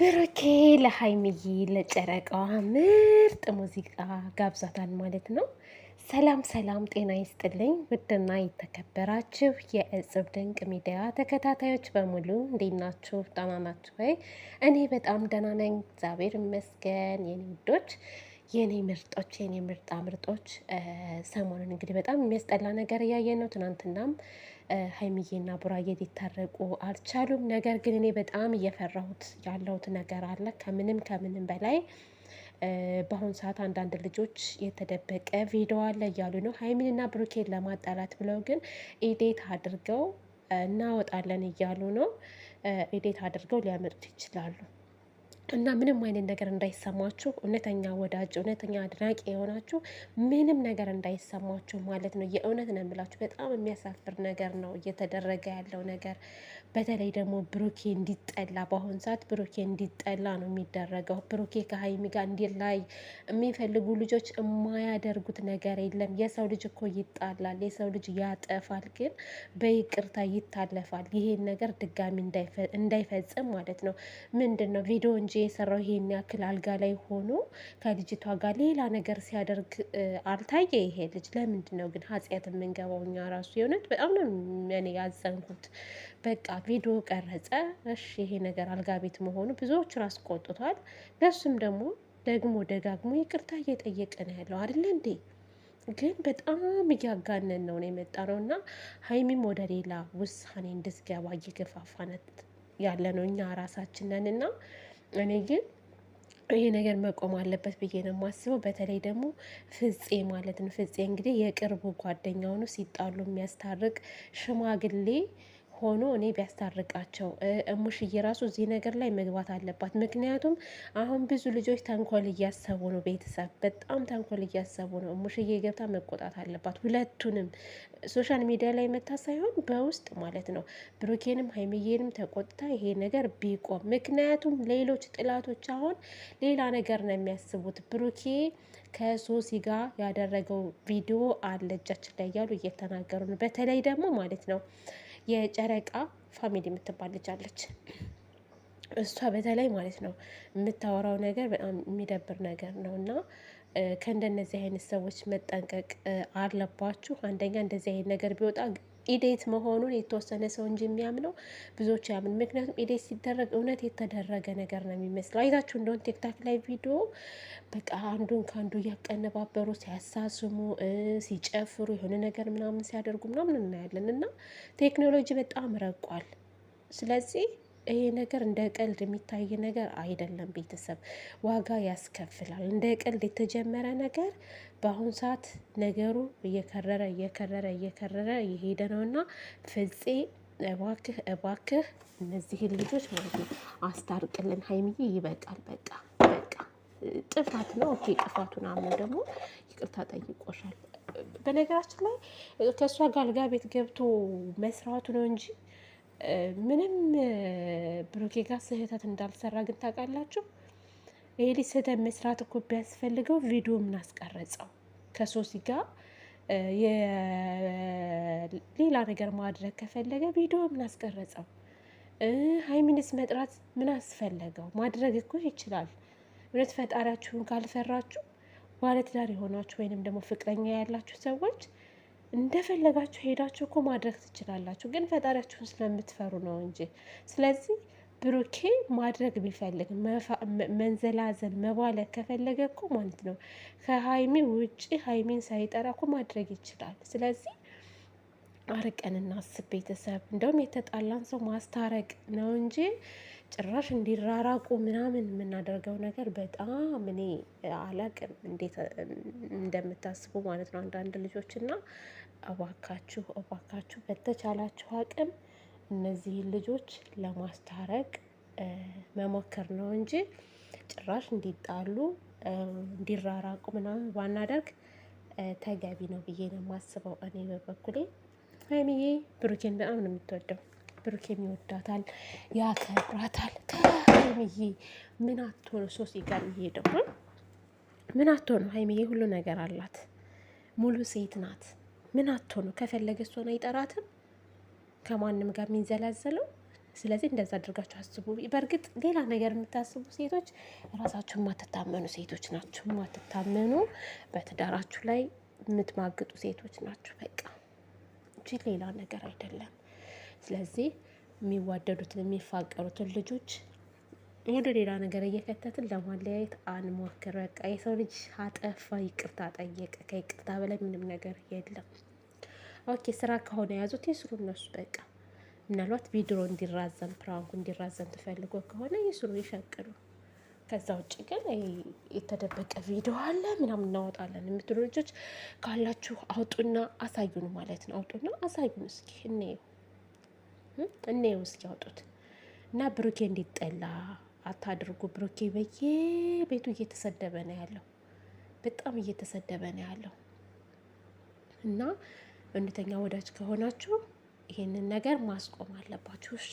ብሩኬ ለሀይሚዬ ለጨረቃዋ ምርጥ ሙዚቃ ጋብዛታል ማለት ነው። ሰላም ሰላም፣ ጤና ይስጥልኝ ውድና የተከበራችሁ የእጽብ ድንቅ ሚዲያ ተከታታዮች በሙሉ እንዴት ናችሁ? ደህና ናችሁ ወይ? እኔ በጣም ደህና ነኝ፣ እግዚአብሔር ይመስገን የኔ ውዶች የኔ ምርጦች የኔ ምርጣ ምርጦች ሰሞኑን እንግዲህ በጣም የሚያስጠላ ነገር እያየን ነው። ትናንትናም ሀይሚዬና ቡራዬ ሊታረቁ አልቻሉም። ነገር ግን እኔ በጣም እየፈራሁት ያለሁት ነገር አለ። ከምንም ከምንም በላይ በአሁኑ ሰዓት አንዳንድ ልጆች የተደበቀ ቪዲዮ አለ እያሉ ነው ሀይሚንና ብሩኬን ለማጣላት ብለው ግን ኢዴት አድርገው እናወጣለን እያሉ ነው። ኢዴት አድርገው ሊያመጡት ይችላሉ። እና ምንም አይነት ነገር እንዳይሰማችሁ እውነተኛ ወዳጅ እውነተኛ አድናቂ የሆናችሁ ምንም ነገር እንዳይሰማችሁ ማለት ነው። የእውነት ነው የምላችሁ። በጣም የሚያሳፍር ነገር ነው እየተደረገ ያለው ነገር። በተለይ ደግሞ ብሩኬ እንዲጠላ በአሁኑ ሰዓት ብሩኬ እንዲጠላ ነው የሚደረገው። ብሩኬ ከሀይሚ ጋር እንዲላይ የሚፈልጉ ልጆች የማያደርጉት ነገር የለም። የሰው ልጅ እኮ ይጣላል፣ የሰው ልጅ ያጠፋል፣ ግን በይቅርታ ይታለፋል። ይሄን ነገር ድጋሚ እንዳይፈጽም ማለት ነው። ምንድን ነው ቪዲዮ እንጂ የሰራው ይሄን ያክል አልጋ ላይ ሆኖ ከልጅቷ ጋር ሌላ ነገር ሲያደርግ አልታየ። ይሄ ልጅ ለምንድን ነው ግን ኃጢአት የምንገባው እኛ? ራሱ የሆነት በጣም ነው እኔ ያዘንኩት። በቃ ቪዲዮ ቀረጸ። እሺ ይሄ ነገር አልጋ ቤት መሆኑ ብዙዎች ራስ ቆጥቷል። ለሱም ደግሞ ደግሞ ደጋግሞ ይቅርታ እየጠየቀ ነው ያለው አይደለ እንዴ? ግን በጣም እያጋነን ነው ነው የመጣ ነው እና ሀይሚም ወደ ሌላ ውሳኔ እንድትገባ እየገፋፋነት ያለ ነው እኛ ራሳችንን እና እኔ ግን ይሄ ነገር መቆም አለበት ብዬ ነው የማስበው። በተለይ ደግሞ ፍፄ ማለት ነው። ፍፄ እንግዲህ የቅርቡ ጓደኛው ነው፣ ሲጣሉ የሚያስታርቅ ሽማግሌ ሆኖ እኔ ቢያስታርቃቸው እሙሽዬ ራሱ እዚህ ነገር ላይ መግባት አለባት። ምክንያቱም አሁን ብዙ ልጆች ተንኮል እያሰቡ ነው፣ ቤተሰብ በጣም ተንኮል እያሰቡ ነው። እሙሽዬ ገብታ መቆጣት አለባት። ሁለቱንም ሶሻል ሚዲያ ላይ መታ ሳይሆን በውስጥ ማለት ነው። ብሩኬንም ሀይሚዬንም ተቆጥታ ይሄ ነገር ቢቆም፣ ምክንያቱም ሌሎች ጥላቶች አሁን ሌላ ነገር ነው የሚያስቡት። ብሩኬ ከሶሲ ጋር ያደረገው ቪዲዮ አለ እጃችን ላይ እያሉ እየተናገሩ ነው። በተለይ ደግሞ ማለት ነው የጨረቃ ፋሚሊ የምትባል ልጅ አለች። እሷ በተለይ ማለት ነው የምታወራው ነገር በጣም የሚደብር ነገር ነው እና ከእንደነዚህ አይነት ሰዎች መጠንቀቅ አለባችሁ። አንደኛ እንደዚህ አይነት ነገር ቢወጣ ኢዴት መሆኑን የተወሰነ ሰው እንጂ የሚያምነው ብዙዎች ያምን። ምክንያቱም ኢዴት ሲደረግ እውነት የተደረገ ነገር ነው የሚመስለው። አይታችሁ እንደሆን ቲክታክ ላይ ቪዲዮ በቃ አንዱን ከአንዱ እያቀነባበሩ ሲያሳስሙ ሲጨፍሩ፣ የሆነ ነገር ምናምን ሲያደርጉ ምናምን እናያለን እና ቴክኖሎጂ በጣም ረቋል። ስለዚህ ይሄ ነገር እንደ ቀልድ የሚታይ ነገር አይደለም። ቤተሰብ ዋጋ ያስከፍላል። እንደ ቀልድ የተጀመረ ነገር በአሁኑ ሰዓት ነገሩ እየከረረ እየከረረ እየከረረ እየሄደ ነው እና ፍፄ እባክህ እባክህ እነዚህን ልጆች ማለት ነው አስታርቅልን። ሀይሚዬ ይበቃል፣ በቃ በቃ። ጥፋት ነው ኦኬ። ጥፋቱን አምኖ ደግሞ ይቅርታ ጠይቆሻል። በነገራችን ላይ ከእሷ ጋር አልጋ ቤት ገብቶ መስራቱ ነው እንጂ ምንም ብሩኬ ጋር ስህተት እንዳልሰራ ግን ታውቃላችሁ። ይሄ ልጅ ስህተት መስራት እኮ ቢያስፈልገው ቪዲዮ ምን አስቀረጸው? ከሶሲ ጋር ሌላ ነገር ማድረግ ከፈለገ ቪዲዮ ምን አስቀረጸው? ሀይሚንስ መጥራት ምን አስፈለገው? ማድረግ እኮ ይችላል። እውነት ፈጣሪያችሁን ካልፈራችሁ ባለትዳር የሆናችሁ ወይንም ደግሞ ፍቅረኛ ያላችሁ ሰዎች እንደፈለጋችሁ ሄዳችሁ እኮ ማድረግ ትችላላችሁ፣ ግን ፈጣሪያችሁን ስለምትፈሩ ነው እንጂ። ስለዚህ ብሩኬ ማድረግ ቢፈልግ መንዘላዘል መባለግ ከፈለገ እኮ ማለት ነው ከሀይሚ ውጪ ሀይሚን ሳይጠራ እኮ ማድረግ ይችላል። ስለዚህ አርቀን እናስብ ቤተሰብ። እንደውም የተጣላን ሰው ማስታረቅ ነው እንጂ ጭራሽ እንዲራራቁ ምናምን የምናደርገው ነገር በጣም እኔ አላቅም፣ እንዴት እንደምታስቡ ማለት ነው አንዳንድ ልጆች እና እባካችሁ እባካችሁ በተቻላችሁ አቅም እነዚህን ልጆች ለማስታረቅ መሞከር ነው እንጂ ጭራሽ እንዲጣሉ እንዲራራቁ ምናምን ባናደርግ ተገቢ ነው ብዬ ነው የማስበው እኔ በበኩሌ። ሀይሚዬ ብሩኬን በጣም ነው የምትወደው። ብሩኬም ይወዳታል፣ ያከብራታል። ከሀይሚዬ ምን አቶ ነው ሶስት ጋር የሚሄደው ምን አቶ ነው? ሀይሚዬ ሁሉ ነገር አላት፣ ሙሉ ሴት ናት። ምን አቶ ነው? ከፈለገ እሷን አይጠራትም ከማንም ጋር የሚንዘላዘለው ስለዚህ እንደዛ አድርጋችሁ አስቡ። በእርግጥ ሌላ ነገር የምታስቡ ሴቶች ራሳችሁ የማትታመኑ ሴቶች ናችሁ። የማትታመኑ በትዳራችሁ ላይ የምትማግጡ ሴቶች ናችሁ። በቃ እንጂ ሌላ ነገር አይደለም። ስለዚህ የሚዋደዱትን የሚፋቀሩትን ልጆች ወደ ሌላ ነገር እየከተትን ለማለያየት አንሞክር። በቃ የሰው ልጅ አጠፋ፣ ይቅርታ ጠየቀ። ከይቅርታ በላይ ምንም ነገር የለም። ኦኬ፣ ስራ ከሆነ የያዙት የስሩ እነሱ በቃ ምናልባት ቪድሮ እንዲራዘም ፕራንኩ እንዲራዘም ትፈልጎ ከሆነ የስሩ ይፈቅዱ። ከዛ ውጭ ግን የተደበቀ ቪዲዮ አለ ምናምን እናወጣለን የምትሉ ልጆች ካላችሁ አውጡና አሳዩን ማለት ነው። አውጡና አሳዩን እስኪ እንየው እንየው እስኪ አውጡት እና ብሩኬ እንዲጠላ አታድርጉ። ብሩኬ በየቤቱ እየተሰደበ ነው ያለው፣ በጣም እየተሰደበ ነው ያለው እና እውነተኛ ወዳጅ ከሆናችሁ ይሄንን ነገር ማስቆም አለባችሁ። እሺ